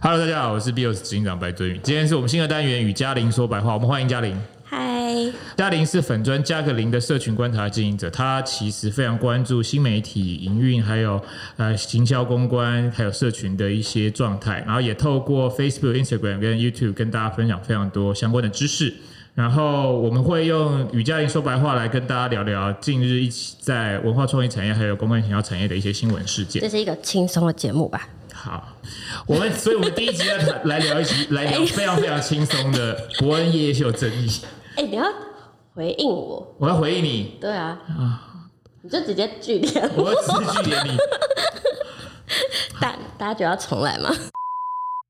Hello，大家好，我是 BIOS 執行長白尊宇。今天是我們新的單元“與嘉玲說白話”，我們歡迎嘉玲。嗨 Hi，嘉玲是粉專加個零的社群觀察經營者，她其實非常關注新媒體營運，還有呃行銷公關，還有社群的一些狀態，然後也透過 Facebook、Instagram 跟 YouTube 跟大家分享非常多相關的知識。然後我們會用“與嘉玲說白話”來跟大家聊聊近日一起在文化創意產業還有公關行銷產業的一些新聞事件。這是一個輕鬆的節目吧？好，我們所以，我們第一集要來，來聊一集，來聊非常非常輕鬆的博恩夜夜秀爭議。哎、欸，你要回應我？我要回應你？對啊，啊，你就直接句點我，我只句點你。但大家就要重來嘛。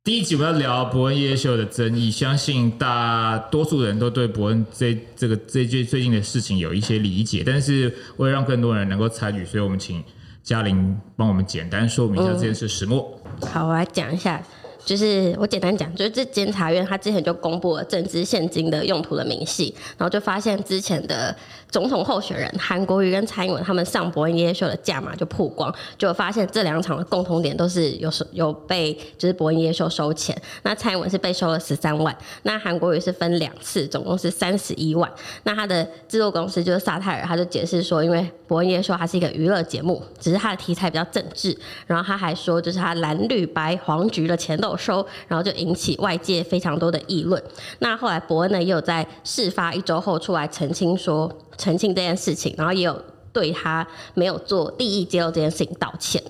第一集我們要聊博恩夜夜秀的爭議，相信大多數人都對博恩這這個最近最近的事情有一些理解，但是為了讓更多人能夠參與，所以我們請。嘉玲，幫我們簡單說明一下這件事始末，嗯，好，我來講一下。就是我簡單講，就是這監察院他之前就公布了政治獻金的用途的明細，然後就發現之前的總統候選人韓國瑜跟蔡英文他們上《博恩夜夜秀》的價碼就曝光，就發現這兩場的共同點都是有收有被，就是《博恩夜夜秀》收錢。那蔡英文是被收了十三萬，那韓國瑜是分兩次，總共是三十一萬。那他的制作公司就是薩泰爾，他就解釋說，因為《博恩夜夜秀》它是一個娛樂節目，只是它的題材比較政治。然後他還說，就是他藍綠白黃橘的錢都。收，然後就引起外界非常多的議論。那後來博恩呢，也有在事發一周後出來澄清說，澄清這件事情，然後也有對他沒有做利益揭露這件事情道歉。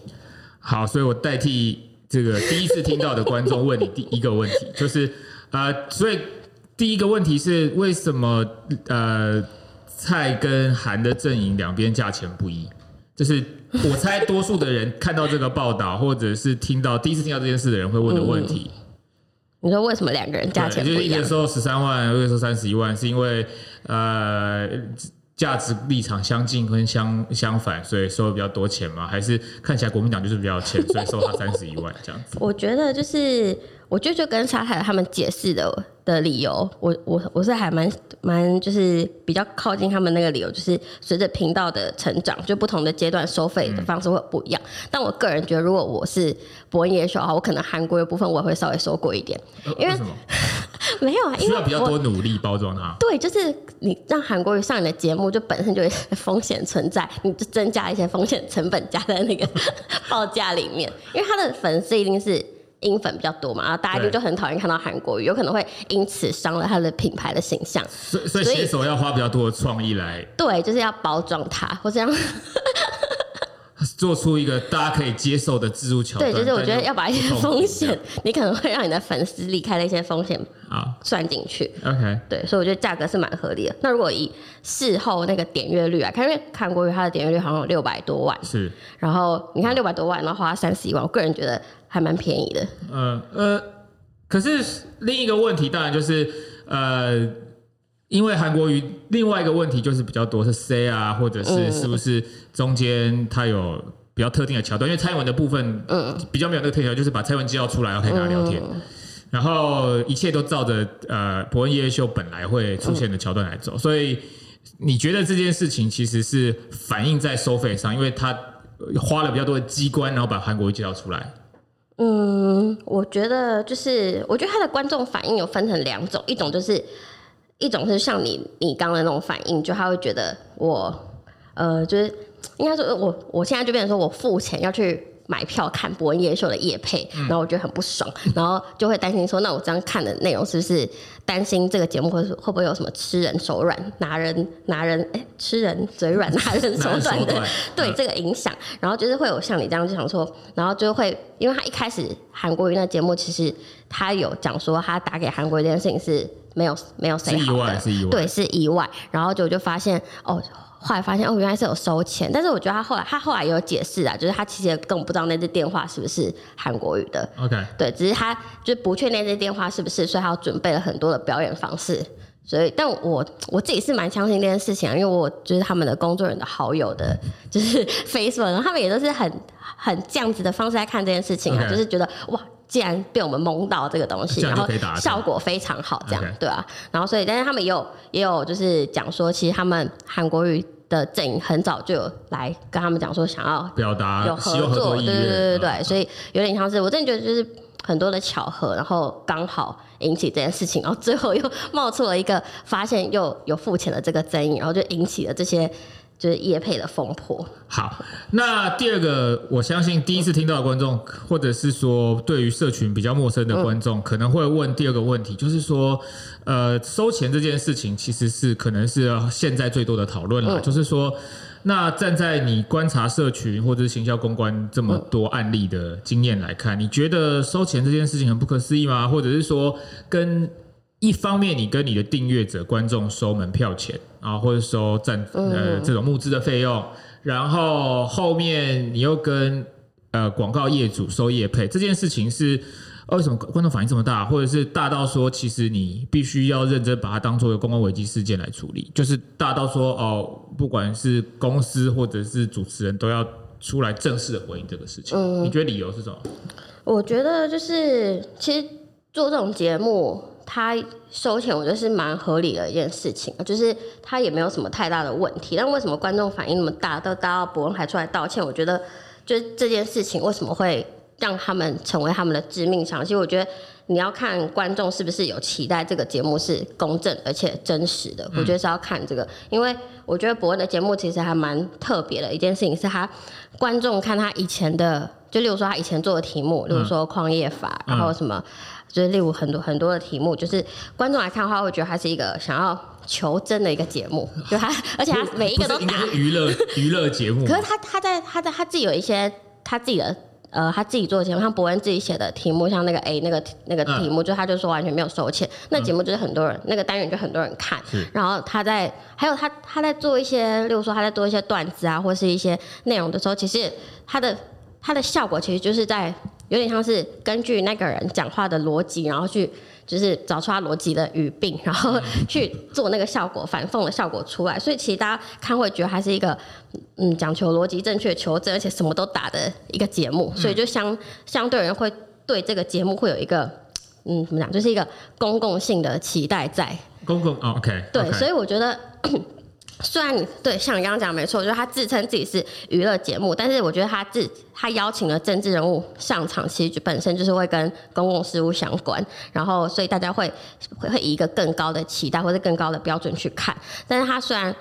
好，所以我代替這個第一次聽到的觀眾問你第一個問題， 就是呃，所以第一個問題是為什麼呃蔡跟韓的陣營兩邊價錢不一？這、就是。 我猜多數的人看到這個報道，或者是聽到第一次聽到這件事的人會問的問題：嗯、你說為什麼兩個人價錢不一樣？一人收十三萬，一人收三十一萬，是因為呃價值立場相近跟相相反，所以收比較多錢嗎？還是看起來國民黨就是比較淺，所以收他三十一萬這樣子？ 我覺得就是。我就就跟沙海他們解釋的的理由，我我我是還蠻蠻就是比較靠近他們那個理由，就是隨着頻道的成長，就不同的階段收費的方式會不一樣。嗯、但我個人覺得，如果我是博恩夜秀啊，我可能韓國的部分我也會稍微收貴一點，因為，為什麼 沒有啊，因為需要比較多努力包裝他，啊。對，就是你讓韓國瑜上你的節目，就本身就風險存在，你就增加一些風險成本加在那個 報價裡面，因為他的粉絲一定是。英粉比較多嘛，然後大家就就很討厭看到韓國瑜，對有可能會因此傷了他的品牌的形象。所以所以寫手要花比較多的創意來，對，就是要包裝它，或是這樣做出一個大家可以接受的自助橋。對，就是我覺得要把一些風險，你可能會讓你的粉絲離開的一些風險啊算進去。OK，對，所以我覺得價格是蠻合理的。那如果以事後那個點閱率來、啊、看，因為韓國瑜它的點閱率好像有六百多萬，是，然後你看六百多萬，然後花三十一萬，我個人覺得。還蠻便宜的，嗯呃，呃，可是另一個問題當然就是，呃，因為韓國瑜另外一個問題就是比較多是 C 啊，或者是是不是中間它有比較特定的橋段？嗯、因為蔡英文的部分，呃比較沒有那個特效，嗯、就是把蔡英文介紹出來，然後可以跟他聊天，嗯、然後一切都照着呃，博恩夜夜秀本來會出現的橋段來走。嗯、所以你覺得這件事情其實是反映在收費上，因為他花了比較多的機關，然後把韓國瑜介紹出來。嗯，我覺得就是，我覺得他的觀眾反應有分成兩種，一種就是，一種是像你你剛剛的那種反應，就他會覺得我，呃，就是應該說我，我我現在就變成說我付錢要去。.買票看博恩夜秀的業配，然後我覺得很不爽，嗯、然後就會擔心說，那我這樣看的內容是不是擔心這個節目會會不會有什麼吃人手軟拿人拿人吃、欸、吃人嘴軟拿人手軟的 手軟對、嗯、這個影響？然後就是會有像你這樣就想說，然後就會因為他一開始韓國瑜那節目其實他有講說他打給韓國瑜這件事情是沒有沒有誰對是意外，然後就我就發現哦。後來發現哦，原來是有收錢，但是我覺得他後來他後來也有解釋啊，就是他其實根本不知道那只電話是不是韓國語的。OK，對，只是他就不確定那只電話是不是，所以他準備了很多的表演方式。所以，但我我自己是蠻相信這件事情啊，因為我就是他們的工作人員的好友的，就是 Facebook，然後他們也都是很很這樣子的方式在看這件事情啊，Okay. 就是覺得哇。竟然被我們蒙到這個東西，然後效果非常好，這樣 Okay. 對啊，然後所以，但是他們也有也有就是講說，其實他們韓國瑜的陣營很早就有來跟他們講說，想要表達有合作，合作，對，對對對對，好所以有點像是我真的覺得就是很多的巧合，然後剛好引起這件事情，然後最後又冒出了一個發現又有付錢的這個爭議，然後就引起了這些。就是業配的風波。好，那第二個，我相信第一次聽到的觀眾，或者是說，對於社群比較陌生的觀眾，嗯、可能會問第二個問題，就是說，呃，收錢這件事情其實是可能是現在最多的討論了。嗯、就是說，那站在你觀察社群或者是行銷公關這麼多案例的經驗來看，嗯、你覺得收錢這件事情很不可思議嗎？或者是說跟，一方面，你跟你的訂閱者、觀眾收門票錢啊，或者收贊、呃這種募資的費用，然後後面你又跟呃廣告業主收業配，這件事情是、哦、為什麼觀眾反應這麼大，或者是大到說，其實你必須要認真把它當作一個公共危機事件來處理，就是大到說哦，不管是公司或者是主持人，都要出來正式的回應這個事情。嗯、你覺得理由是什麼？我覺得就是其實做這種節目。他收錢，我覺得是蠻合理的一件事情，就是他也沒有什麼太大的問題。但為什麼觀眾反應那麼大，都大到博恩還出來道歉？我覺得，就是這件事情為什麼會讓他們成為他們的致命傷？其實我覺得。你要看觀眾是不是有期待這個節目是公正而且真實的，我覺得是要看這個，因為我覺得博恩的節目其實還蠻特別的一件事情，是他觀眾看他以前的，就例如說他以前做的題目，例如說礦業法，然後什麼，就是例如很多很多的題目，就是觀眾來看的話，會覺得他是一個想要求真的一個節目，就他而且他每一個都打娛樂娛樂節目，可是他他在，他在他在他自己有一些他自己的。呃，他自己做的節目，像博恩自己寫的題目，像那個 A 那個那個題目，嗯、就他就說完全沒有收錢。那節目就是很多人，嗯、那個單元就很多人看。是然後他在還有他他在做一些，例如說他在做一些段子啊，或是一些內容的時候，其實他的他的效果其實就是在有點像是根據那個人講話的邏輯，然後去。就是找出他邏輯的語病，然後去做那個效果，反諷的效果出來。所以其實大家看會覺得還是一個，嗯，講求邏輯正確、求證，而且什麼都打的一個節目。嗯、所以就相相對而言會對這個節目會有一個，嗯，怎麼講，就是一個公共性的期待在公共。OK，, okay. 對，所以我覺得。Okay. 雖然，對，像你剛剛講的沒錯，就是他自稱自己是娛樂節目，但是我覺得他自他邀請了政治人物上場，其實本身就是會跟公共事務相關，然後所以大家會會，會以一個更高的期待或者更高的標準去看，但是他雖然。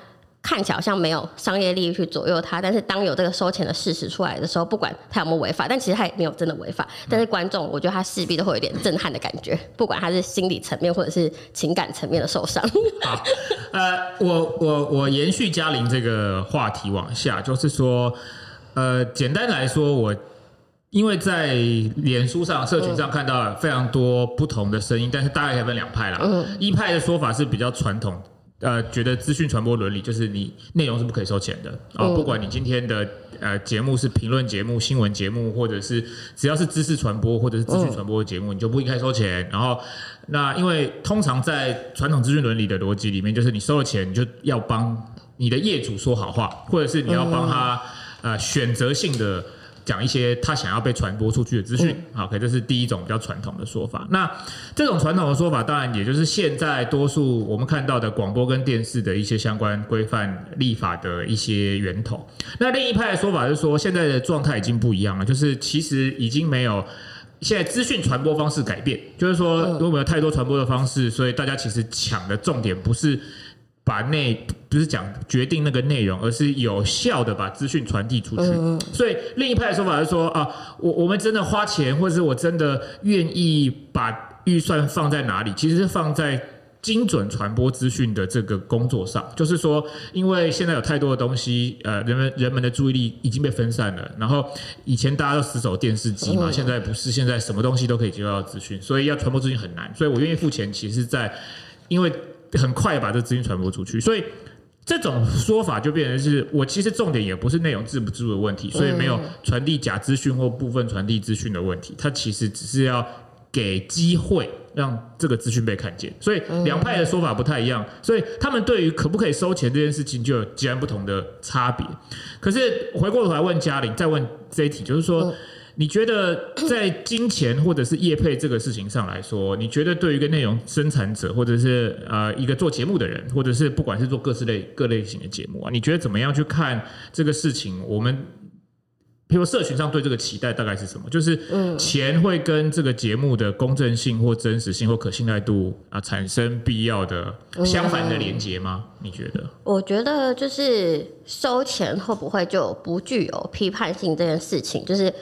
看起來好像沒有商業利益去左右他，但是當有這個收錢的事實出來的時候，不管他有沒有違法，但其實他也沒有真的違法。但是觀眾，我覺得他勢必都會有點震撼的感覺，不管他是心理層面或者是情感層面的受傷。好， 呃、我我我延續嘉玲這個話題往下，就是說，呃，簡單來說，我因為在臉書上、社群上看到了非常多不同的聲音，嗯、但是大概可以分兩派啦。嗯、一派的說法是比較傳統。呃，覺得資訊傳播倫理，就是你內容是不可以收錢的啊、oh. 哦，不管你今天的呃節目是評論節目、新聞節目，或者是只要是知識傳播或者是資訊傳播的節目，oh. 你就不應該收錢。然後，那因為通常在傳統資訊倫理的邏輯裡面，就是你收了錢，你就要幫你的業主說好話，或者是你要幫他、oh. 呃選擇性的。講一些他想要被傳播出去的資訊。好，可以，這是第一種比較傳統的說法。那這種傳統的說法，當然也就是現在多數我們看到的廣播跟電視的一些相關規範立法的一些源頭。那另一派的說法就是說，現在的狀態已經不一樣了，就是其實已經沒有現在資訊傳播方式改變，就是說如果沒有太多傳播的方式，所以大家其實搶的重點不是，把內不是講決定那個內容，而是有效的把資訊傳遞出去。嗯嗯。所以另一派的說法是說啊，我我們真的花錢，或者是我真的願意把預算放在哪裡？其實是放在精準傳播資訊的這個工作上。就是說，因為現在有太多的東西，呃，人們人們的注意力已經被分散了。然後以前大家都死守電視機嘛，嗯。現在不是，現在什麼東西都可以接到資訊，所以要傳播資訊很難。所以我願意付錢，其實在因為。很快把這資訊傳播出去，所以這種說法就變成是，我其實重點也不是內容置不置入的問題，所以沒有傳遞假資訊或部分傳遞資訊的問題，它其實只是要給機會讓這個資訊被看見，所以兩派的說法不太一樣，所以他們對於可不可以收錢這件事情就有截然不同的差別。可是回過頭來問嘉玲，再問這一題，就是說。哦你覺得在金錢或者是業配這個事情上來說，你覺得對於一個內容生產者，或者是呃一個做節目的人，或者是不管是做各式類各類型的節目啊，你覺得怎麼樣去看這個事情？我們譬如社群上對這個期待大概是什麼？就是嗯，錢會跟這個節目的公正性或真實性或可信賴度啊產生必要的相反的連結嗎？嗯嗯，你覺得？我覺得就是收錢會不會就不具有批判性這件事情，就是。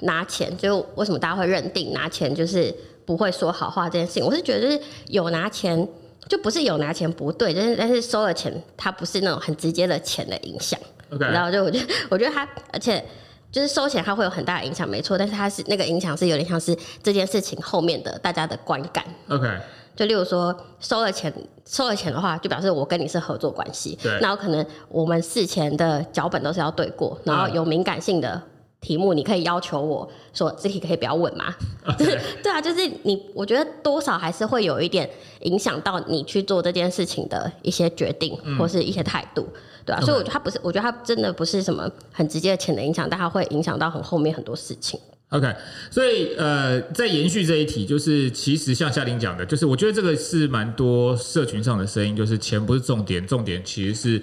拿錢就為什麼大家會認定拿錢就是不會說好話這件事情？我是覺得就是有拿錢就不是有拿錢不對，但、就是但是收了錢它不是那種很直接的錢的影響，然後 Okay. 就我覺得我覺得他，而且就是收錢他會有很大的影響，沒錯，但是他是那個影響是有點像是這件事情後面的大家的觀感。OK，就例如說收了錢，收了錢的話就表示我跟你是合作關係，那對可能我們事前的腳本都是要對過，然後有敏感性的、啊。題目，你可以要求我說這題可以不要問嗎？Okay. 對啊，就是你，我覺得多少還是會有一點影響到你去做這件事情的一些決定、嗯、或是一些態度，對啊，Okay. 所以我覺得他不是，我覺得他真的不是什麼很直接的錢的影響，但它會影響到很後面很多事情。OK，所以呃，在延續這一題，就是其實像嘉玲講的，就是我覺得這個是蠻多社群上的聲音，就是錢不是重點，重點其實是。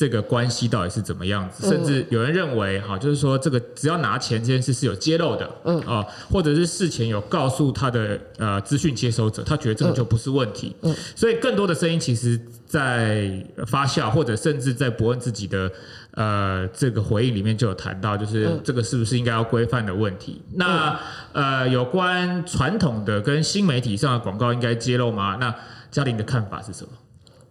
這個關係到底是怎麼樣子？甚至有人認為，哈，就是說這個只要拿錢這件事是有揭露的，嗯啊，或者是事前有告訴他的呃資訊接收者，他覺得這個就不是問題。嗯，所以更多的聲音其實，在發酵或者甚至在博恩自己的呃這個回應裡面就有談到，就是這個是不是應該要規範的問題？那呃，有關傳統的跟新媒體上的廣告應該揭露嗎？那嘉玲的看法是什麼？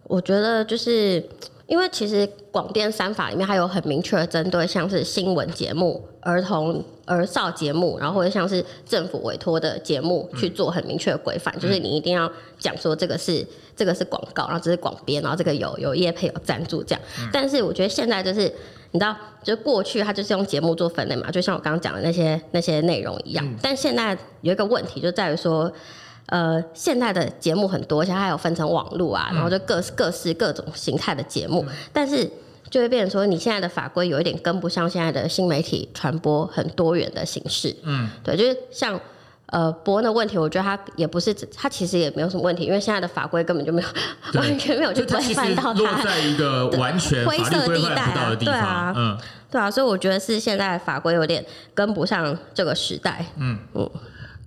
我覺得就是。因為其實廣電三法裡面，還有很明確的針對，像是新聞節目、兒童兒少節目，然後或者像是政府委托的節目，去做很明確的規範，嗯、就是你一定要講說這個是這個是廣告，然後這是廣編，然後這個有有業配有贊助這樣。嗯、但是我覺得現在就是你知道，就過去它就是用節目做分類嘛，就像我剛剛講的那些那些內容一樣。嗯、但現在有一個問題就在於說，呃，現代的節目很多，而且還有分成網路啊，嗯、然後就各各式各種形態的節目，嗯、但是就會變成說，你現在的法規有一點跟不上現在的新媒體傳播很多元的形式。嗯，對，就是像呃博恩的問題，我覺得他也不是，他其實也沒有什麼問題，因為現在的法規根本就沒有，對完全沒有就規範到他。就他其實落在一個完全法律規範不到的地方灰色地帶，啊，對啊，嗯，對啊，所以我覺得是現在的法規有點跟不上這個時代。嗯。嗯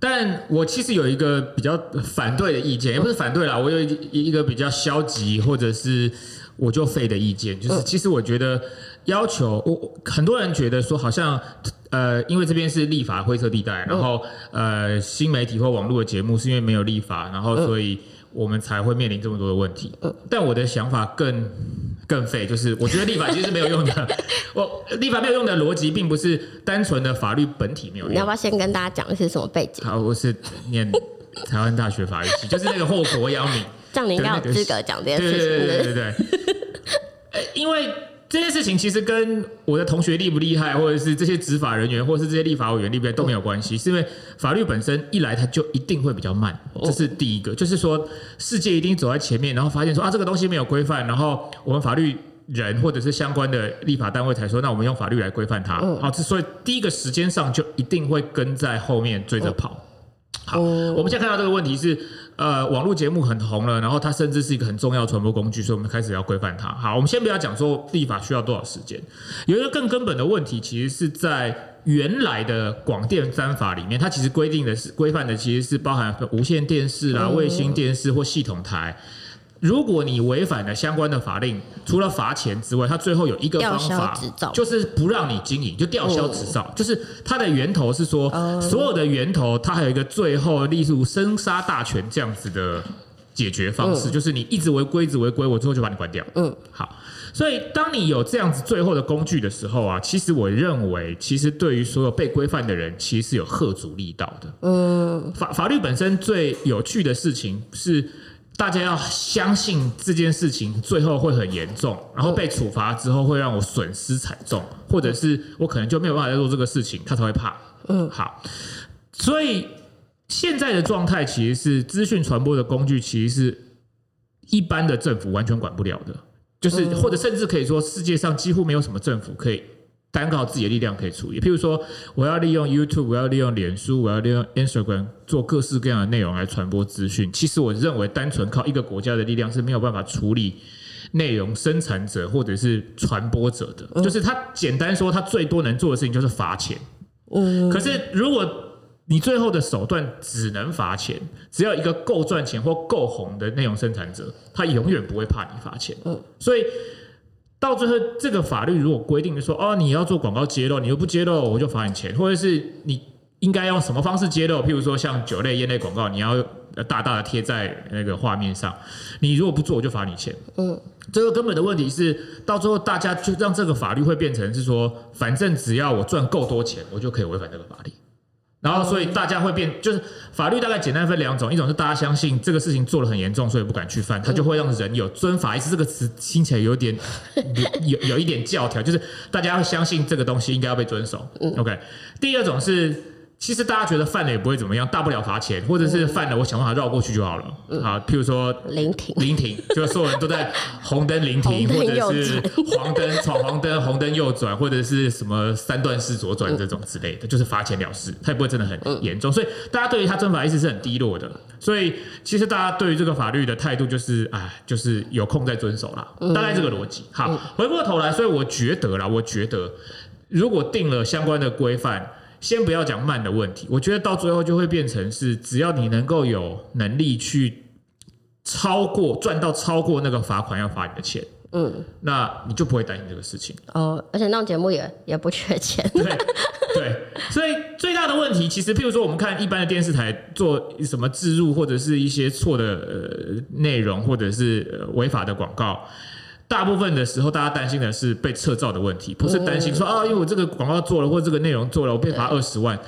但我其實有一個比較反對的意見，也不是反對啦，我有一個比較消極或者是我就廢的意見，就是其實我覺得要求我，我，很多人覺得說好像呃，因為這邊是立法灰色地帶，然後呃，新媒體或網絡的節目是因為沒有立法，然後所以我們才會面臨這麼多的問題。但我的想法更。更廢，就是我覺得立法其實是沒有用的。 我立法沒有用的邏輯，並不是單純的法律本體沒有用。你要不要先跟大家講一些什麼背景？好，我是念台灣大學法律系， 就是那個禍國殃民，這樣你才有資格講這些事情。對對，對對對對對，因為。這件事情其實跟我的同學厲不厲害，或者是這些執法人員，或者是這些立法委員厲不厲害都沒有關係，是因為法律本身一來，它就一定會比較慢。這是第一個，就是說世界一定走在前面，然後發現說啊，這個東西沒有規範，然後我們法律人或者是相關的立法單位才說，那我們用法律來規範它。好，所以第一個時間上就一定會跟在後面追着跑。好，我們現在看到這個問題是，呃，網絡節目很紅了，然後它甚至是一個很重要傳播工具，所以我們開始要規範它。好，我們先不要講說立法需要多少時間，有一個更根本的問題，其實是在原來的廣電三法裡面，它其實規定的是規範的，其實是包含無線電視啊、衛星電視或系統台。哦如果你違反了相關的法令，除了罰錢之外，他最後有一個方法，就是不讓你經營，就吊銷執照。哦、就是它的源頭是說，嗯、所有的源頭，它還有一個最後例如生殺大權這樣子的解決方式，嗯、就是你一直違規，一直違規，我最後就把你關掉。嗯，好。所以當你有這樣子最後的工具的時候啊，其實我認為，其實對於所有被規範的人，其實是有嚇阻力道的。嗯，法法律本身最有趣的事情是。大家要相信，這件事情最後會很嚴重，然後被處罰之後會讓我損失慘重，或者是我可能就沒有辦法再做這個事情，他才會怕。嗯，好，所以現在的狀態其實是資訊傳播的工具，其實是一般的政府完全管不了的，就是或者甚至可以說世界上幾乎沒有什麼政府可以單靠自己的力量可以處理，譬如說我要利用 YouTube，我要利用臉書，我要利用 Instagram 做各式各樣的內容來傳播資訊。其實我認為，單純靠一個國家的力量是沒有辦法處理內容生產者或者是傳播者的，嗯、就是他簡單說，他最多能做的事情就是罰錢。嗯嗯、可是如果你最後的手段只能罰錢，只要一個夠賺錢或夠紅的內容生產者，他永遠不會怕你罰錢。嗯嗯、所以。到最後，這個法律如果規定說，哦，你要做廣告揭露，你又不揭露，我就罰你錢，或者是你應該用什麼方式揭露？譬如說，像酒類、菸類廣告，你要大大的貼在那個畫面上，你如果不做，我就罰你錢。嗯，這個根本的問題是，到最後大家就讓這個法律會變成是說，反正只要我賺夠多錢，我就可以違反這個法律。然後，所以大家會變，就是法律大概簡單分兩種，一種是大家相信這個事情做得很嚴重，所以不敢去犯，他就會讓人有遵法意識。這個詞聽起來有點有有，有一點教條，就是大家會相信這個東西應該要被遵守。嗯、OK，第二種是。其實大家覺得犯了也不會怎麼樣，大不了罰錢，或者是犯了我想辦法繞過去就好了。啊、嗯，譬如說，臨停，臨停，就所有人都在紅燈臨停， 或者是黃燈闖黃燈，紅燈右轉，或者是什麼三段式左轉這種之類的，嗯、就是罰錢了事，他也不會真的很嚴重。嗯、所以大家對於他遵法意識是很低落的。所以其實大家對於這個法律的態度就是，哎，就是有空再遵守啦。嗯、大概這個邏輯。好，嗯、回過頭來，所以我覺得啦，我覺得如果定了相關的規範。先不要講慢的問題，我覺得到最後就會變成是，只要你能夠有能力去超過賺到超過那個罰款要罰你的錢，嗯，那你就不會擔心這個事情。哦，而且那種節目也也不缺錢。對，對，所以最大的問題其實，譬如說我們看一般的電視台做什麼置入或者是一些錯的呃內容或者是呃、違法的廣告。大部分的時候，大家擔心的是被撤照的問題，不是擔心說、嗯、啊，因為我這個廣告做了或這個內容做了，我被罰二十萬。對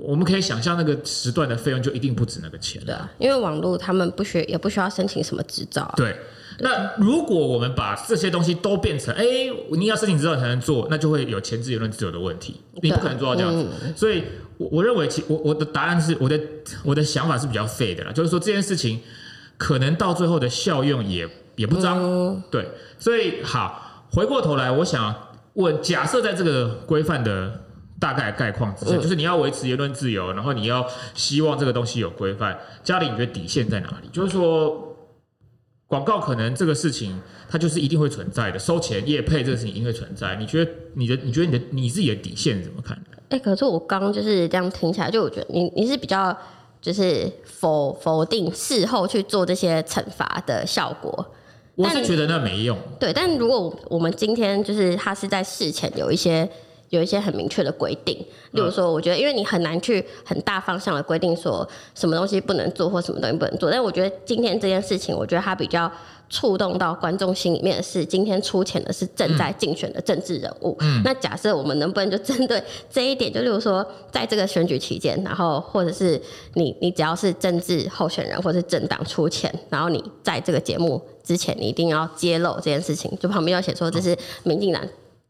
我們可以想象那個時段的費用就一定不止那個錢了。對啊，因為網絡他們不需也不需要申請什麼執照、啊。對，對那如果我們把這些東西都變成，哎、欸，你要申請執照才能做，那就會有前置言論自由的問題，對你不可能做到這樣子。對所以我，我我認為其我我的答案是我的我的想法是比較廢的啦，就是說，這件事情可能到最後的效用也。也不髒、嗯，對，所以好，回過頭來，我想問，假設在這個規範的大概概況之下，嗯、就是你要維持言論自由，然後你要希望這個東西有規範，嘉玲你覺得底線在哪裡？Okay. 就是說，廣告可能這個事情它就是一定會存在的，收錢業配這個事情一定會存在，你覺得你的你覺得你的你自己的底線怎麼看？哎、欸，可是我剛剛就是這樣聽起來，就我覺得你你是比較就是否否定事後去做這些懲罰的效果。但我是覺得那沒用。對，但如果我們今天就是他是在事前有一些。有一些很明確的規定，例如說，我覺得因為你很難去很大方向的規定說什麼東西不能做或什麼東西不能做，但我覺得今天這件事情，我覺得它比較觸動到觀眾心裡面的是，今天出錢的是正在競選的政治人物。嗯，那假設我們能不能就針對這一點，就例如說，在這個選舉期間，然後或者是你你只要是政治候選人或者政黨出錢，然後你在這個節目之前，你一定要揭露這件事情，就旁邊要寫說這是民進黨。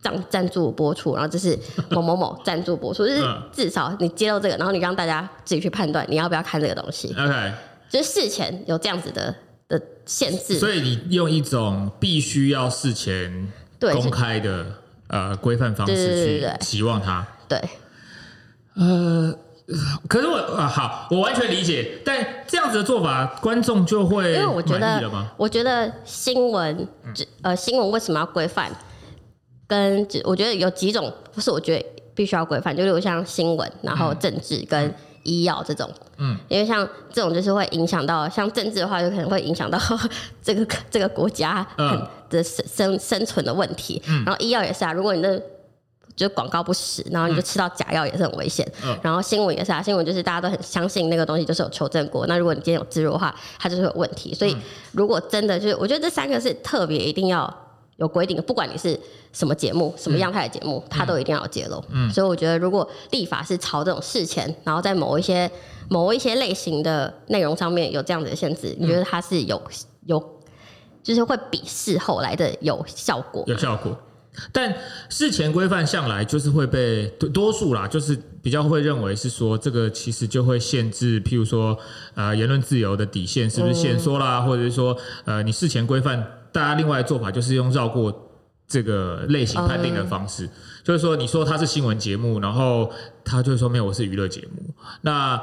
贊贊助播出，然後這是某某某贊助播出， 就是至少你接到這個，然後你讓大家自己去判斷你要不要看這個東西。OK，就是事前有這樣子的的限制，所以你用一種必須要事前公開的呃規範方式去希望他。對,對,對,對，對呃，可是我、呃、好，我完全理解，但這樣子的做法，觀眾就會了嗎？因為我覺得，我覺得新聞呃新聞為什麼要規範？跟我覺得有幾種，不是我覺得必須要規範，就例如像新聞、然後政治跟醫藥這種，嗯，嗯嗯，因為像這種就是會影響到，像政治的話就可能會影響到這個這個國家的、嗯、生生生存的問題，嗯、然後醫藥也是啊，如果你的就廣告不實，然後你就吃到假藥也是很危險，嗯嗯哦、然後新聞也是啊，新聞就是大家都很相信那個東西就是有求證過，那如果你今天有植入的話，它就是有問題，所以如果真的就是我覺得這三個是特別一定要。有規定的，不管你是什麼節目、什麼樣態的節目，嗯、它都一定要揭露。嗯，所以我覺得，如果立法是朝這種事前，然後在某一些某一些類型的內容上面有這樣子的限制，嗯、你覺得它是有有，就是會比事後來的有效果?有效果。但事前規範向來就是會被多數啦，就是比較會認為是說，這個其實就會限制，譬如說，呃，言論自由的底線是不是限縮啦，嗯、或者是說，呃，你事前規範。大家另外的做法就是用繞過這個類型判定的方式，就是說你說它是新聞節目，然後他就說沒有。我是娛樂節目。那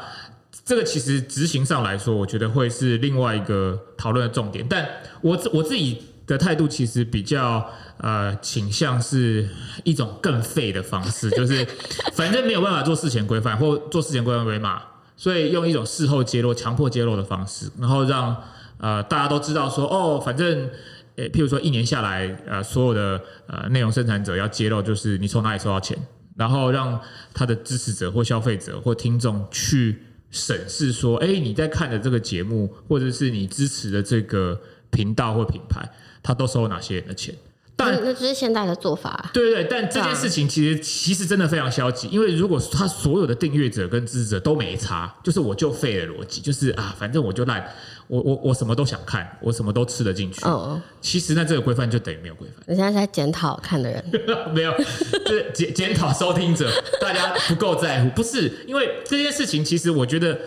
這個其實執行上來說，我覺得會是另外一個討論的重點。但我我自己的態度其實比較呃傾向是一種更廢的方式，就是反正沒有辦法做事前規範或做事前規範為嘛，所以用一種事後揭露、強迫揭露的方式，然後讓呃大家都知道說哦，反正。誒，譬如說一年下來，呃，所有的呃內容生產者要揭露，就是你從哪裡收到錢，然後讓他的支持者或消費者或聽眾去審視，說，哎，你在看的這個節目，或者是你支持的這個頻道或品牌，他都收哪些人的錢？但、嗯、那就是現在的做法。對對，但這件事情其實但其實真的非常消極，因為如果他所有的訂閱者跟支持者都沒差，就是我就廢了邏輯，就是啊，反正我就爛。我我我什麼都想看，我什麼都吃得進去。Oh. 其實那這個規範就等於沒有規範。你現在在檢討看的人 沒有， 就是檢檢討收聽者， 大家不夠在乎，不是因為這件事情，其實我覺得，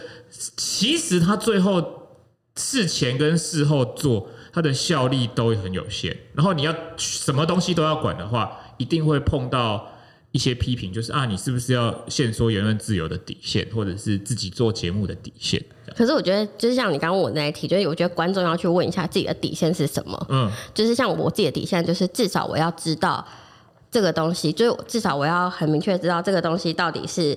其實他最後事前跟事後做，他的效力都很有限。然後你要什麼東西都要管的話，一定會碰到，一些批評就是啊，你是不是要限縮言論自由的底線，或者是自己做節目的底線？可是我覺得，就是像你剛剛問我那一題，就是我覺得觀眾要去問一下自己的底線是什麼。嗯，就是像我自己的底線，就是至少我要知道這個東西，就是至少我要很明確知道這個東西到底是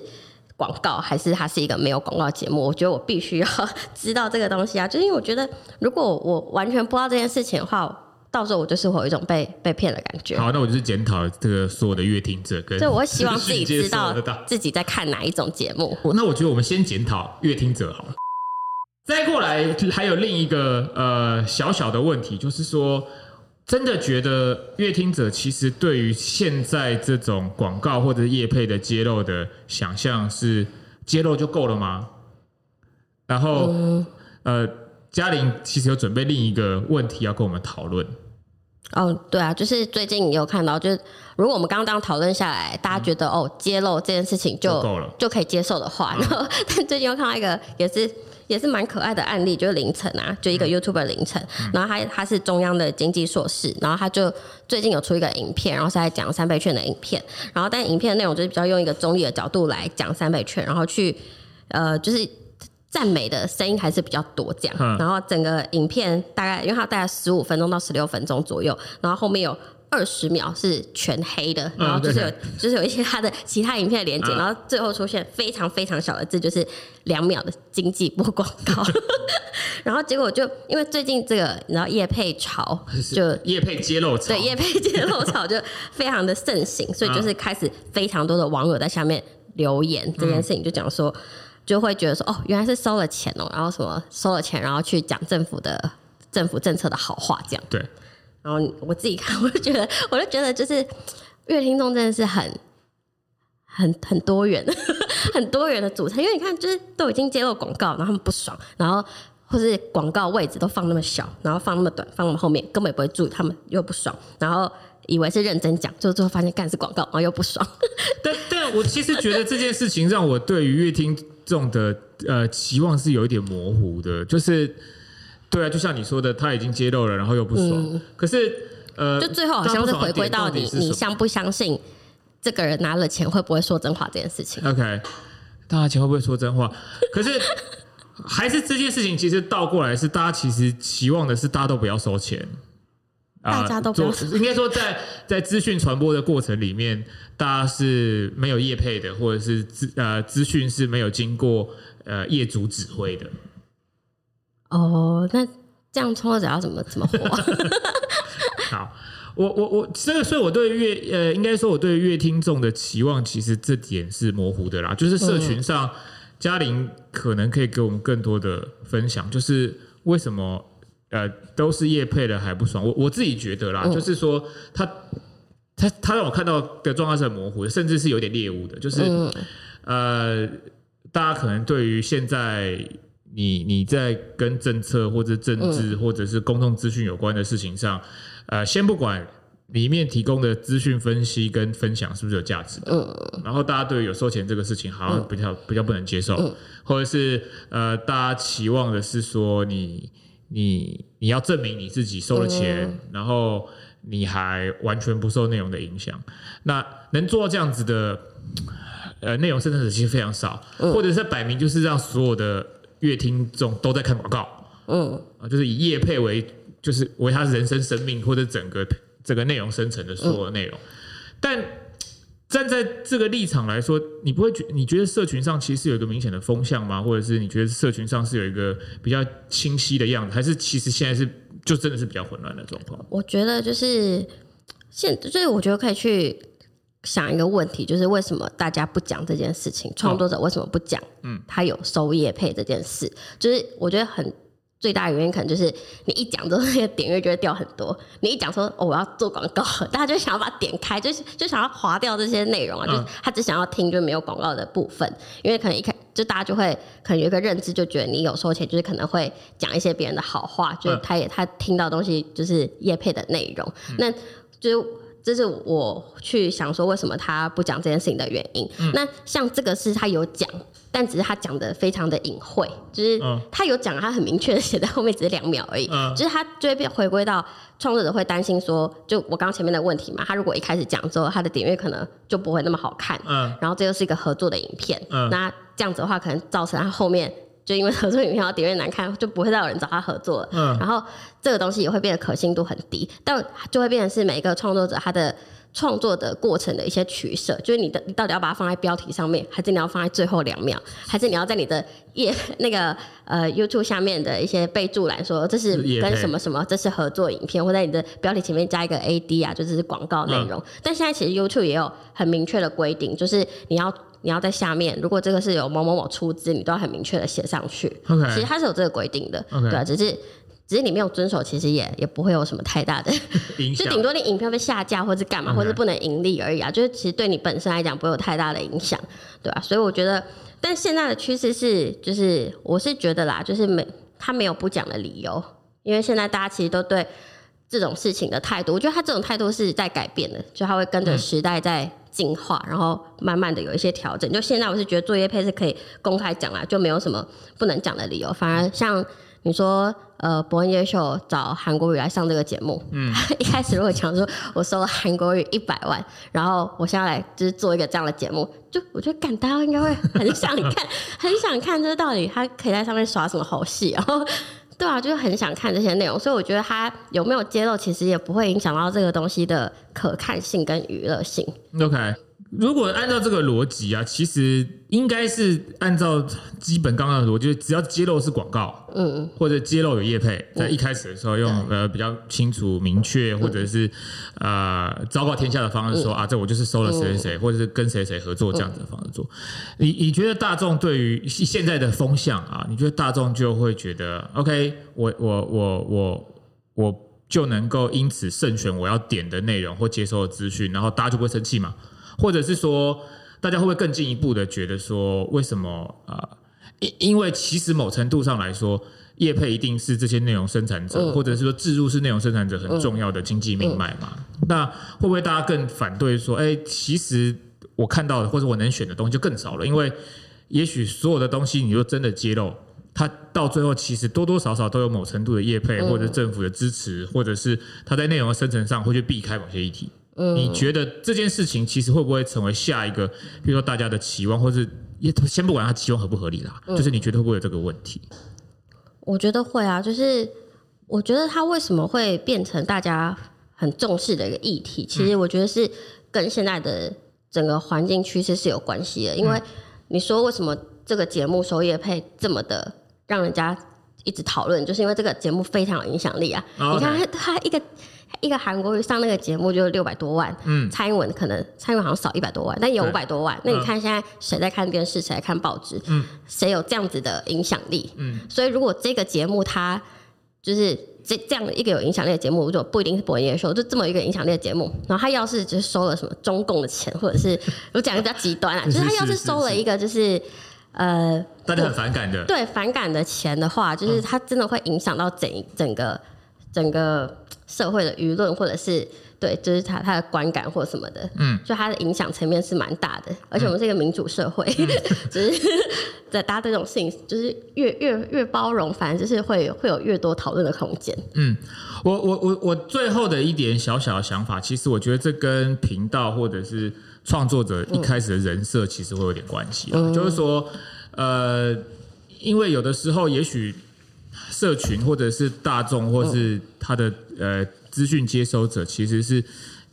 廣告還是它是一個沒有廣告節目。我覺得我必須要知道這個東西啊，就是因為我覺得如果我完全不知道這件事情的話。到時候我就是會有一種被被騙的感覺。好，那我就是檢討這個所有的閱聽者跟，所以我希望自己知道自己在看哪一種節目。 那我覺得我們先檢討閱聽者好了。再過來還有另一個呃小小的問題，就是說真的覺得閱聽者其實對於現在這種廣告或者業配的揭露的想象是揭露就夠了嗎？然後、嗯、呃，嘉玲其實有準備另一個問題要跟我們討論。哦，oh, 對啊，就是最近你有看到，就是如果我們剛剛這樣討論下來，大家覺得、嗯、哦，揭露這件事情就就，夠了就可以接受的話，嗯、然後但最近又看到一個也是也是蠻可愛的案例，就是凌晨啊，就一個 YouTuber 凌晨，嗯、然後他他是中央的經濟碩士，然後他就最近有出一個影片，然後是在講三倍券的影片，然後但影片內容就是比較用一個中立的角度來講三倍券，然後去呃就是。讚美的聲音還是比較多，這樣。嗯、然後整個影片大概，因為它大概十五分鐘到十六分鐘左右，然後後面有二十秒是全黑的，然後就是有、嗯、對對，就是有一些它的其他影片的連接、嗯、然後最後出現非常非常小的字，就是兩秒的經濟部廣告。呵呵 然後結果就因為最近這個，然後業配潮就業配揭露潮，對業配揭露潮就非常的盛行，嗯、所以就是開始非常多的網友在下面留言這件事情，嗯、就講說。就會覺得說哦，原來是收了錢哦，然後什麼收了錢，然後去講政府的政府政策的好話這樣。對，然後我自己看，我就覺得，我就覺得就是樂聽眾真的是很很很多元呵呵，很多元的組成。因為你看，就是都已經接過廣告，然後他們不爽，然後或是廣告位置都放那麼小，然後放那麼短，放那麼後面根本不會注意，他們又不爽，然後以為是認真講，就最後發現幹的是廣告，然後又不爽。但但我其實覺得這件事情讓我對於樂聽。這種的呃期望，是有一點模糊的，就是，對啊，就像你說的，他已經揭露了，然後又不爽，嗯、可是呃，就最後好像是回歸到你，到底是說，就最後好像是回歸到你，你相不相信這個人拿了錢會不會說真話這件事情。OK，大家錢會不會說真話？ 可是還是這件事情其實倒過來是大家其實期望的是大家都不要收錢。啊、呃，做應該說在在資訊傳播的過程裡面， 大家是沒有業配的，或者是資呃資訊是沒有經過呃業主指揮的。哦，那這樣創作者要怎麼怎麼活？ 好，我我我，這個，所以我對閱呃，應該說我對閱聽眾的期望，其實這點是模糊的啦。就是社群上，嘉玲、嗯、可能可以給我們更多的分享，就是為什麼。呃，都是業配的還不爽，我我自己覺得啦，oh. 就是說他他他讓我看到的狀態是很模糊的，甚至是有點獵物的，就是、oh. 呃，大家可能對於現在你你在跟政策或者政治或者是公眾資訊有關的事情上，oh. 呃，先不管裡面提供的資訊分析跟分享是不是有價值的，oh. 然後大家對於有收錢這個事情好像比較、oh. 比較不能接受，或者是呃，大家期望的是說你。你你要證明你自己收了錢，oh. 然後你還完全不受內容的影響，那能做到這樣子的，呃，內容生成者其實非常少，oh. 或者是擺明就是讓所有的閱聽眾都在看廣告，嗯啊，就是以業配為，就是為他人生生命或者整個這個內容生成的所有的內容，oh. 但。站在這個立場來說，你不會覺？你覺得社群上其實是有一個明顯的風向嗎？或者是你覺得社群上是有一個比較清晰的樣子，還是其實現在是就真的是比較混亂的狀況？我覺得就是現，所以我覺得可以去想一個問題，就是為什麼大家不講這件事情？創作者為什麼不講、哦？嗯，他有收業配這件事，就是我覺得很。最大的原因，可能就是你一講都那個點，點閱就會掉很多。你一講說、哦、我要做廣告，大家就想要把它點開，就是就想要劃掉這些內容，啊。嗯、就是他只想要聽就沒有廣告的部分。因為可能一開就大家就會可能有一個認知，就覺得你有收錢，就是可能會講一些別人的好話，就是他也他聽到東西就是業配的內容。嗯、那就是這是我去想說為什麼他不講這件事情的原因。嗯、那像這個是他有講。但只是他講的非常的隱晦，就是他有講，他很明確的寫在後面，只是兩秒而已。嗯、就是他就會變回歸到創作者會擔心說，就我剛剛前面的問題嘛，他如果一開始講之後，他的點閱可能就不會那麼好看。嗯，然後這就是一個合作的影片。嗯，那這樣子的話，可能造成他後面就因為合作影片的點閱難看，就不會再有人找他合作了。嗯，然後這個東西也會變得可信度很低，但就會變成是每一個創作者他的。創作的過程的一些取捨，就是你的你到底要把它放在標題上面，還是你要放在最後兩秒，還是你要在你的頁那個呃 YouTube 下面的一些備註來說，這是跟什麼什麼，這是合作影片，或在你的標題前面加一個 AD 啊，就是廣告內容。嗯、但現在其實 YouTube 也有很明確的規定，就是你要你要在下面，如果這個是有某某某出資，你都要很明確的寫上去。Okay. 其實它是有這個規定的。Okay. 對啊，只是。只是你沒有遵守，其實也也不會有什麼太大的影響， 就頂多你影片被下架，或者幹嘛，或是不能盈利而已啊。嗯、啊就是其實對你本身來講，不會有太大的影響，對吧、啊？所以我覺得，但現在的趨勢是，就是，就是我是覺得啦，就是沒他沒有不講的理由，因為現在大家其實都對這種事情的態度，我覺得他這種態度是在改變的，就他會跟着時代在進化，嗯、然後慢慢的有一些調整。就現在我是覺得作業配是可以公開講啦，就沒有什麼不能講的理由，反而像你說。呃，博恩夜秀找韓國瑜來上這個節目。嗯， 一開始如果講說，我收韓國瑜一百萬，然後我下來就是做一個這樣的節目，就我覺得，大家應該會很想看， 很想看，這到底他可以在上面耍什麼猴戲？啊？然後，對啊，就是很想看這些內容。所以我覺得他有沒有揭露，其實也不會影響到這個東西的可看性跟娛樂性。OK，如果按照這個邏輯啊，其實。應該是按照基本剛剛的邏輯，我覺得只要揭露是廣告，嗯，或者揭露有業配，在一開始的時候用呃比，比較清楚、嗯、明確，或者是啊呃、昭告天下的方式說、哦、啊，這我就是收了誰誰誰，哦、或者是跟誰誰合作這樣子的方式做。嗯、你你覺得大眾對於現在的風向啊，你覺得大眾就會覺得 OK，我我我我我就能夠因此慎選我要點的內容或接收的資訊，然後大家就不會生氣嘛？或者是說？大家會不會更進一步的覺得說，為什麼啊？因、呃、因為其實某程度上來說，業配一定是這些內容生產者，嗯、或者是說置入是內容生產者很重要的經濟命脈嘛。嗯嗯、那會不會大家更反對說，哎、欸，其實我看到的或者我能選的東西就更少了？因為也許所有的東西，你就真的揭露，它到最後其實多多少少都有某程度的業配，或者政府的支持，或者是它在內容的生成上會去避開某些議題。你覺得這件事情其實會不會成為下一個，比如說大家的期望，或是也先不管他期望合不合理啦，嗯、就是你覺得會不會有這個問題？我覺得會啊，就是我覺得他為什麼會變成大家很重視的一個議題，其實我覺得是跟現在的整個環境趨勢是有關係的。因為你說為什麼這個節目收業配這麼的讓人家一直討論，就是因為這個節目非常有影響力啊。Okay. 你看他一個。一個韓國瑜上那個節目就六百多萬，嗯、蔡英文可能蔡英文好像少一百多萬，但也有五百多萬。對那你看現在誰在看電視，誰、嗯、在看報紙，誰、嗯、有這樣子的影響力？嗯、所以如果這個節目它就是這這樣一個有影響力的節目，如果不一定是博恩夜夜秀就這麼一個影響力的節目，然後他要是就是收了什麼中共的錢，或者是 我講比較極端啊，就是他要是收了一個就是 呃大家很反感的，對反感的錢的話，就是它真的會影響到整、嗯、整個。整個社會的輿論，或者是對，就是他他的觀感或什麼的，嗯，就他的影響層面是蠻大的。而且我們是一個民主社會，只、嗯 就是在搭、嗯、 這種 sense 就是越越越包容，反正就是會會有越多討論的空間。嗯，我我我我最後的一點小小的想法，其實我覺得這跟頻道或者是創作者一開始的人設，其實會有點關係、啊。嗯，就是說，呃，因為有的時候也許。社群或者是大眾，或是他的呃資訊接收者，其實是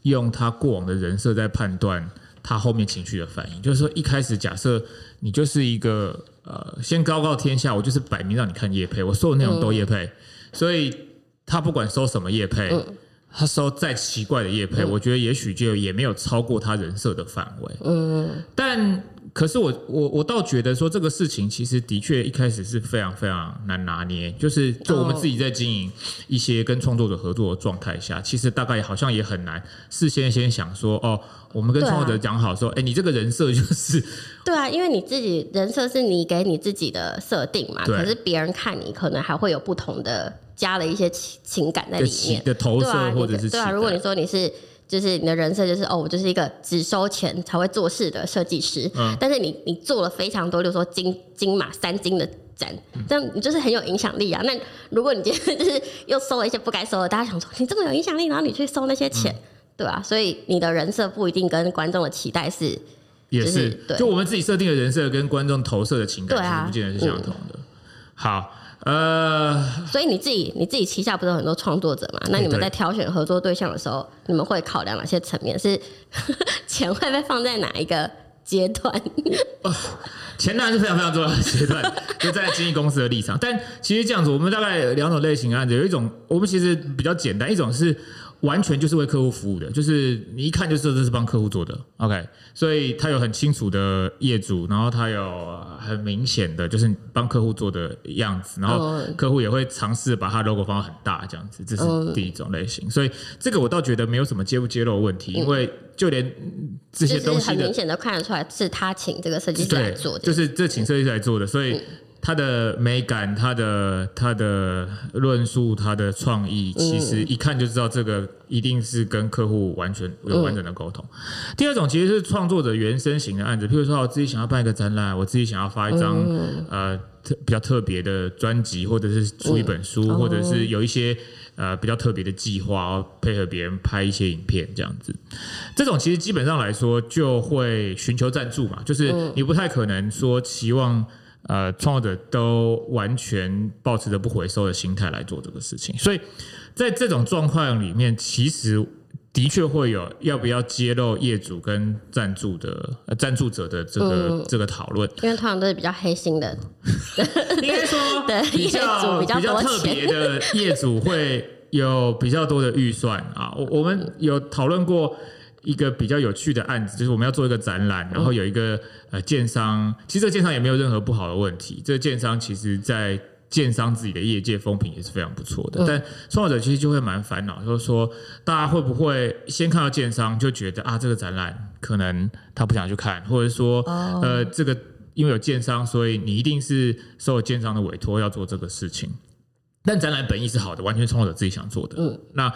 用他過往的人設在判斷他後面情緒的反應。就是說，一開始假設你就是一個呃，先昭告天下，我就是擺明讓你看業配，我說的那種都業配，呃、所以他不管收什麼業配，呃、他收再奇怪的業配，呃、我覺得也許就也沒有超過他人設的範圍。嗯、呃，但。可是我我我倒覺得說這個事情，其實的確一開始是非常非常難拿捏，就是就我們自己在經營一些跟創作者合作的狀態下，Oh. 其實大概好像也很難事先先想說哦，Oh, 我們跟創作者講好說，哎、啊欸，你這個人設就是對啊，因為你自己人設是你給你自己的設定嘛，對可是別人看你可能還會有不同的加了一些情情感在裡面，對的投射或者是對啊，對啊，如果你說你是，就是你的人設就是哦，我就是一個只收錢才會做事的設計師，嗯、但是你你做了非常多，比如說金金馬三金的展，嗯、這樣你就是很有影響力啊。那如果你今天就是又收了一些不該收的，大家想說你這麼有影響力，然後你去收那些錢，嗯、對吧、啊？所以你的人設不一定跟觀眾的期待是、就是、也是對，就我們自己設定的人設跟觀眾投射的情感不見得是相同的。啊嗯、好。呃，所以你自己你自己旗下不是有很多創作者嘛？那你們在挑選合作對象的時候，對你們會考量哪些層面是？是錢會被放在哪一個階段？錢當然是非常非常重要的階段， 就在經紀公司的立場。但其實這樣子，我們大概有兩種類型的案子，有一種我們其實比較簡單，一種是。完全就是為客戶服務的，就是你一看就知道這是幫、就是、客戶做的，OK？所以他有很清楚的業主，然後他有很明顯的，就是幫客戶做的樣子，然後客戶也會嘗試把他 logo 放很大這樣子，這是第一種類型。所以這個我倒覺得沒有什麼揭不揭露的問題，嗯、因為就連這些東西很明顯的看得出來是他請這個設計師來做的。就是這請設計師來做的，所以。嗯它的美感，它的它的論述，它的創意，其實一看就知道這個一定是跟客戶完全有完整的溝通。嗯嗯、第二種其實是創作者原生型的案子，譬如說我自己想要辦一個展覽，我自己想要發一張、嗯、呃特比較特別的專輯，或者是出一本書，嗯嗯、或者是有一些呃比較特別的計劃，然後配合別人拍一些影片這樣子。這種其實基本上來說就會尋求贊助嘛，就是你不太可能說期望。呃，創作者都完全抱持着不回收的心態來做這個事情，所以在這種狀況裡面，其實的確會有要不要揭露業主跟贊助的贊助、呃、贊助者的這個、嗯、這個討論，因為通常都是比較黑心的，應該 說比較，業主比較，比較特別的業主會有比較多的預算啊，我，我們有討論過。一個比較有趣的案子，就是我們要做一個展覽，然後有一個、嗯、呃建商，其實這個建商也沒有任何不好的問題。這個建商其實在建商自己的業界風評也是非常不錯的，嗯、但創作者其實就會蠻煩惱，就是說大家會不會先看到建商就覺得啊，這個展覽可能他不想去看，或者說、嗯、呃，這個因為有建商，所以你一定是受建商的委託要做這個事情。但展覽本意是好的，完全創作者自己想做的。嗯，那。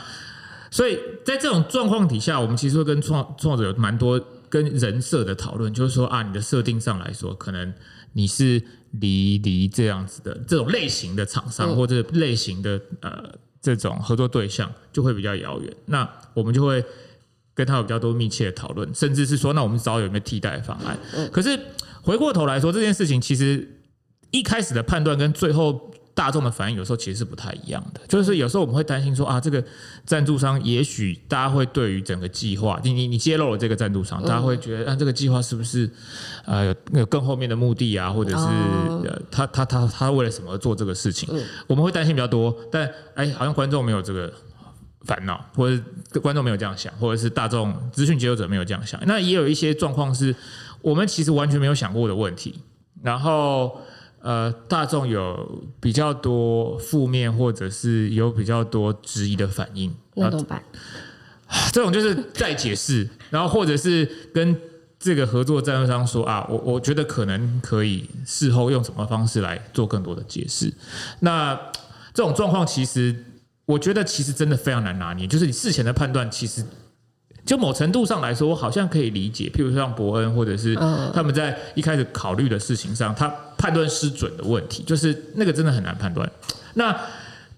所以在這種狀況底下，我們其實會跟創創作者有蠻多跟人設的討論，就是說啊，你的設定上來說，可能你是離離這樣子的這種類型的廠商或者類型的呃這種合作對象就會比較遙遠，那我們就會跟他有比較多密切的討論，甚至是說，那我們找有沒有替代方案。可是回過頭來說，這件事情其實一開始的判斷跟最後。大眾的反應有時候其實是不太一樣的，就是有時候我們會擔心說啊，這個贊助商也許大家會對於整個計劃，你你你揭露了這個贊助商，嗯、大家會覺得啊，這個計劃是不是啊、呃，有有更後面的目的啊，或者是、嗯呃、他他他他為了什麼做這個事情？嗯、我們會擔心比較多，但哎、欸，好像觀眾沒有這個煩惱，或者觀眾沒有這樣想，或者是大眾資訊接收者沒有這樣想。那也有一些狀況是我們其實完全沒有想過的問題，然後。呃，大眾有比較多負面，或者是有比較多質疑的反應，那怎麼辦？這種就是再解釋，然後或者是跟這個合作贊助商說啊，我我覺得可能可以事後用什麼方式來做更多的解釋。那這種狀況，其實我覺得其實真的非常難拿捏，就是你事前的判斷，其實就某程度上來說，我好像可以理解，譬如像博恩或者是他們在一開始考慮的事情上，嗯、他。判斷失準的問題，就是那個真的很難判斷。那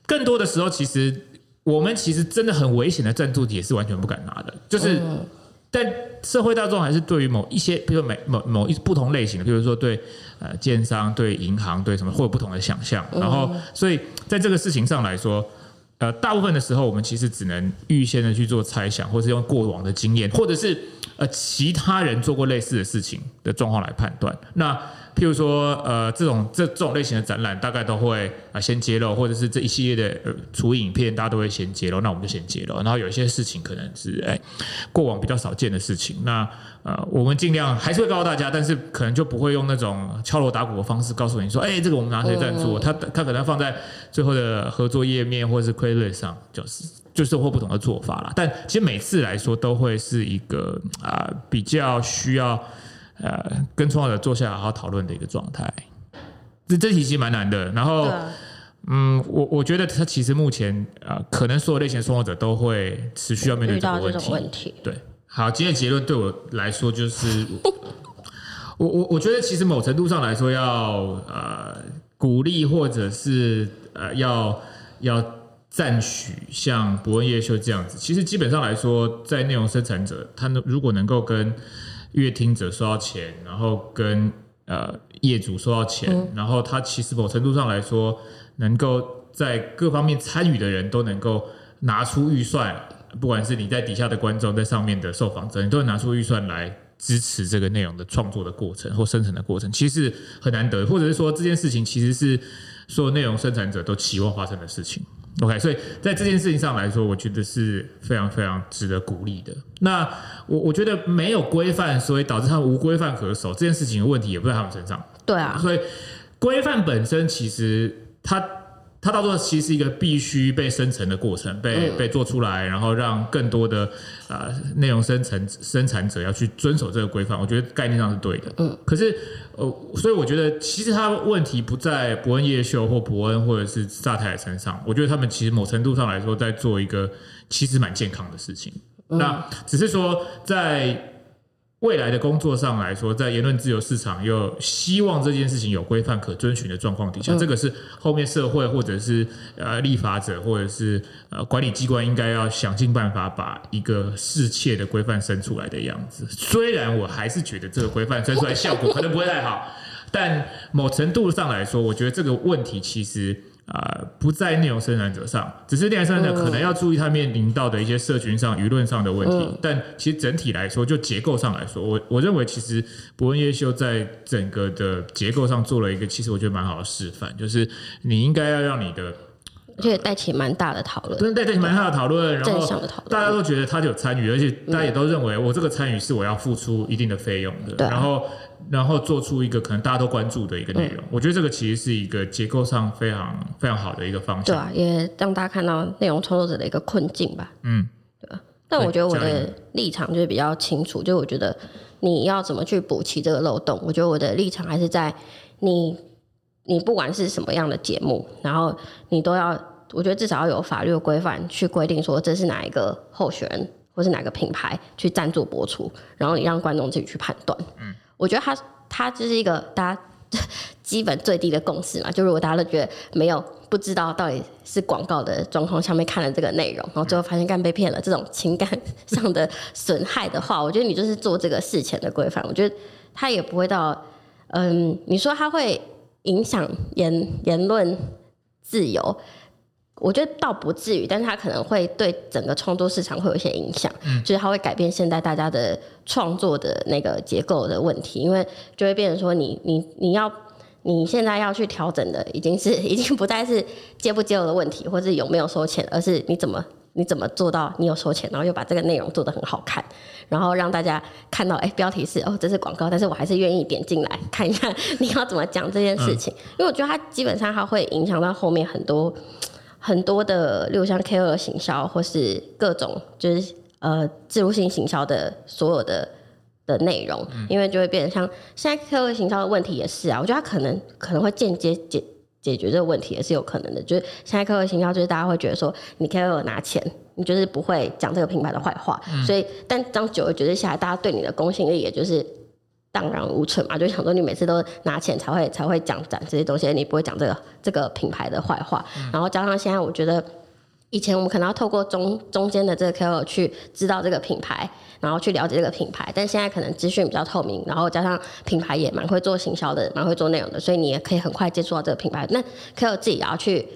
更多的時候，其實我們其實真的很危險的贊助也是完全不敢拿的。就是，嗯、但社會大眾還是對於某一些，比如每某某一，某一，某一，某一不同類型的，比如說對呃建商、對銀行、對什麼會有不同的想象。嗯、然後，所以在這個事情上來說，呃，大部分的時候我們其實只能預先的去做猜想，或是用過往的經驗，或者是。呃，其他人做過類似的事情的狀況來判斷。那譬如說，呃，這種這種類型的展覽大概都會啊、呃、先揭露，或者是這一系列的除、呃、影片大家都會先揭露，那我們就先揭露。然後有一些事情可能是哎、欸、過往比較少見的事情，那呃我們盡量還是會告訴大家，Okay. 但是可能就不會用那種敲鑼打鼓的方式告訴你說，哎、欸，這個我們拿誰贊助？他他、oh. 可能放在最後的合作頁面或是 query 上就是。就是或不同的做法啦，但其實每次來說都會是一個啊、呃、比較需要呃跟創作者坐下來好好討論的一個狀態，這這題其實蠻難的。然後對嗯，我我覺得他其實目前啊、呃，可能所有類型的創作者都會持續要面對這個問題。這問題。對。好，今天的結論對我來說就是，不我我我覺得其實某程度上來說要呃鼓勵或者是呃要要。要讚許像博恩夜夜秀這樣子，其實基本上來說，在內容生產者他如果能夠跟閱聽者收到錢，然後跟呃業主收到錢，嗯、然後他其實某程度上來說，能夠在各方面參與的人都能夠拿出預算，不管是你在底下的觀眾，在上面的受訪者，你都能拿出預算來支持這個內容的創作的過程或生成的過程，其實很難得，或者是說，這件事情其實是所有內容生產者都期望發生的事情。OK，所以在這件事情上來說，我覺得是非常非常值得鼓勵的。那我我覺得沒有規範，所以導致他們無規範可守，這件事情的問題也不在他們身上。對啊，所以規範本身其實它。它到時候其實是一個必須被生成的過程，被、嗯、被做出來，然後讓更多的啊呃、內容生成生產者要去遵守這個規範，我覺得概念上是對的。嗯，嗯可是呃，所以我覺得其實它問題不在博恩夜秀或博恩或者是薩泰爾身上，我覺得他們其實某程度上來說在做一個其實蠻健康的事情，嗯、那只是說在。未來的工作上來說，在言論自由市場又希望這件事情有規範可遵循的狀況底下，這個是後面社會或者是呃立法者或者是呃管理機關應該要想盡辦法把一個適切的規範生出來的樣子。雖然我還是覺得這個規範生出來效果可能不會太好， 但某程度上來說，我覺得這個問題其實。啊、呃，不在內容生產者上，只是內容生產者可能要注意他面臨到的一些社群上、輿論、哦、上的問題。哦、但其實整體來說，就結構上來說，我我認為其實博恩夜秀在整個的結構上做了一個，其實我覺得蠻好的示範，就是你應該要讓你的。也帶起蠻大的討論，對，對，對，帶起蠻大的討論，正向的討論，大家都覺得他有參與，而且大家也都認為我這個參與是我要付出一定的費用的，嗯、然後，然後做出一個可能大家都關注的一個內容。嗯、我覺得這個其實是一個結構上非常非常好的一個方向，對啊，也讓大家看到內容創作者的一個困境吧，嗯，對吧、啊？但我覺得我的立場就是比較清楚，嗯、就我覺得你要怎麼去補齊這個漏洞，我覺得我的立場還是在你。你不管是什麼樣的節目，然後你都要，我覺得至少要有法律規範去規定說這是哪一個候選人或是哪個品牌去贊助播出，然後你讓觀眾自己去判斷。嗯，我覺得他他就是一個大家基本最低的共識嘛，就如果大家都覺得沒有不知道到底是廣告的狀況下面看了這個內容，然後最後發現幹被騙了，這種情感上的損害的話，我覺得你就是做這個事前的規範，我覺得他也不會到嗯，你說他會。影響言言論自由，我覺得倒不至於，但是他可能會對整個創作市場會有一些影響，嗯、就是他會改變現在大家的創作的那個結構的問題，因為就會變成說，你你你要你現在要去調整的已經是已經不再是接不接我的問題，或是有沒有收錢，而是你怎麼。你怎麼做到？你有收錢，然後又把這個內容做得很好看，然後讓大家看到，哎，標題是哦，這是廣告，但是我還是願意點進來看一下。你要怎麼講這件事情？嗯、因為我覺得它基本上它會影響到後面很多很多的六項 K 二行銷，或是各種就是呃置入性行銷的所有的的內容，嗯、因為就會變得像現在 K 二行銷的問題也是啊，我覺得它可能可能會間接解。解決這個問題也是有可能的，就是現在 KOL 行銷就是大家會覺得說，你可以給我拿錢，你就是不會講這個品牌的壞話，嗯、所以但當久而久之，就是、下來大家對你的公信力也就是蕩然無存嘛，就想說你每次都拿錢才會才會講講這些東西，你不會講這個這個品牌的壞話，嗯、然後加上現在我覺得。以前我們可能要透過中中間的這個 KOL 去知道這個品牌，然後去了解這個品牌，但現在可能資訊比較透明，然後加上品牌也蠻會做行銷的，蠻會做內容的，所以你也可以很快接觸到這個品牌。那 KOL 自己也要去，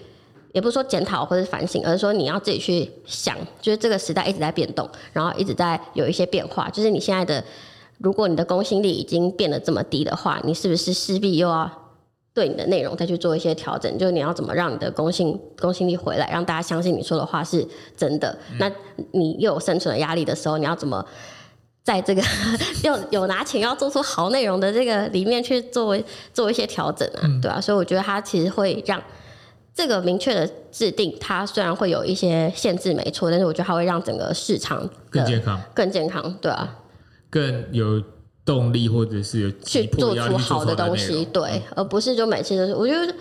也不是說檢討或者反省，而是說你要自己去想，就是這個時代一直在變動，然後一直在有一些變化，就是你現在的，如果你的公信力已經變得這麼低的話，你是不是勢必又要、啊？對，你的內容再去做一些調整，就是你要怎麼讓你的公信公信力回來，讓大家相信你說的話是真的。嗯、那你又有生存的壓力的時候，你要怎麼在這個要 有，有拿錢要做出好內容的這個裡面去做做一些調整啊？嗯、對啊，所以我覺得它其實會讓這個明確的制定，它雖然會有一些限制，沒錯，但是我覺得它會讓整個市場更健康，更健康，對啊，更有。動力或者是去做，去做出好的東西，對，嗯、而不是就每次都是。我覺得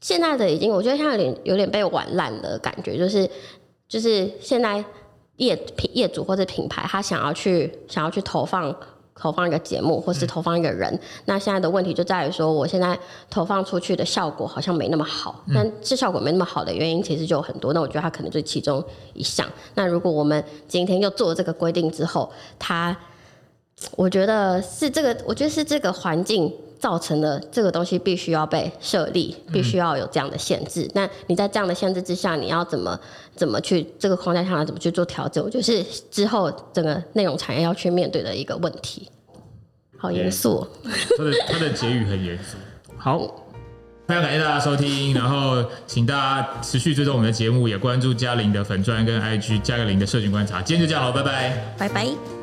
現在的已經，我覺得現在有，有點被玩爛的感覺，就是就是現在業業主或者品牌，他想要去想要去投放投放一個節目，或是投放一個人，嗯、那現在的問題就在於說，我現在投放出去的效果好像沒那麼好。嗯、但是效果沒那麼好的原因其實就有很多，那我覺得他可能就是其中一項。那如果我們今天又做這個規定之後，他……我覺得是這個，我覺得是這個環境造成的，這個東西必須要被設立，必須要有這樣的限制。嗯、那你在這樣的限制之下，你要怎麼怎麼去這個框架下來怎麼去做調整？就是之後整個內容產業要去面對的一個問題。好嚴肅，他的他的結語很嚴肅。 好，非常感謝大家收聽，然後請大家持續追蹤我們的節目， 也關注嘉玲的粉專跟 IG 加個零的社群觀察。今天就這樣，好，拜拜，拜拜。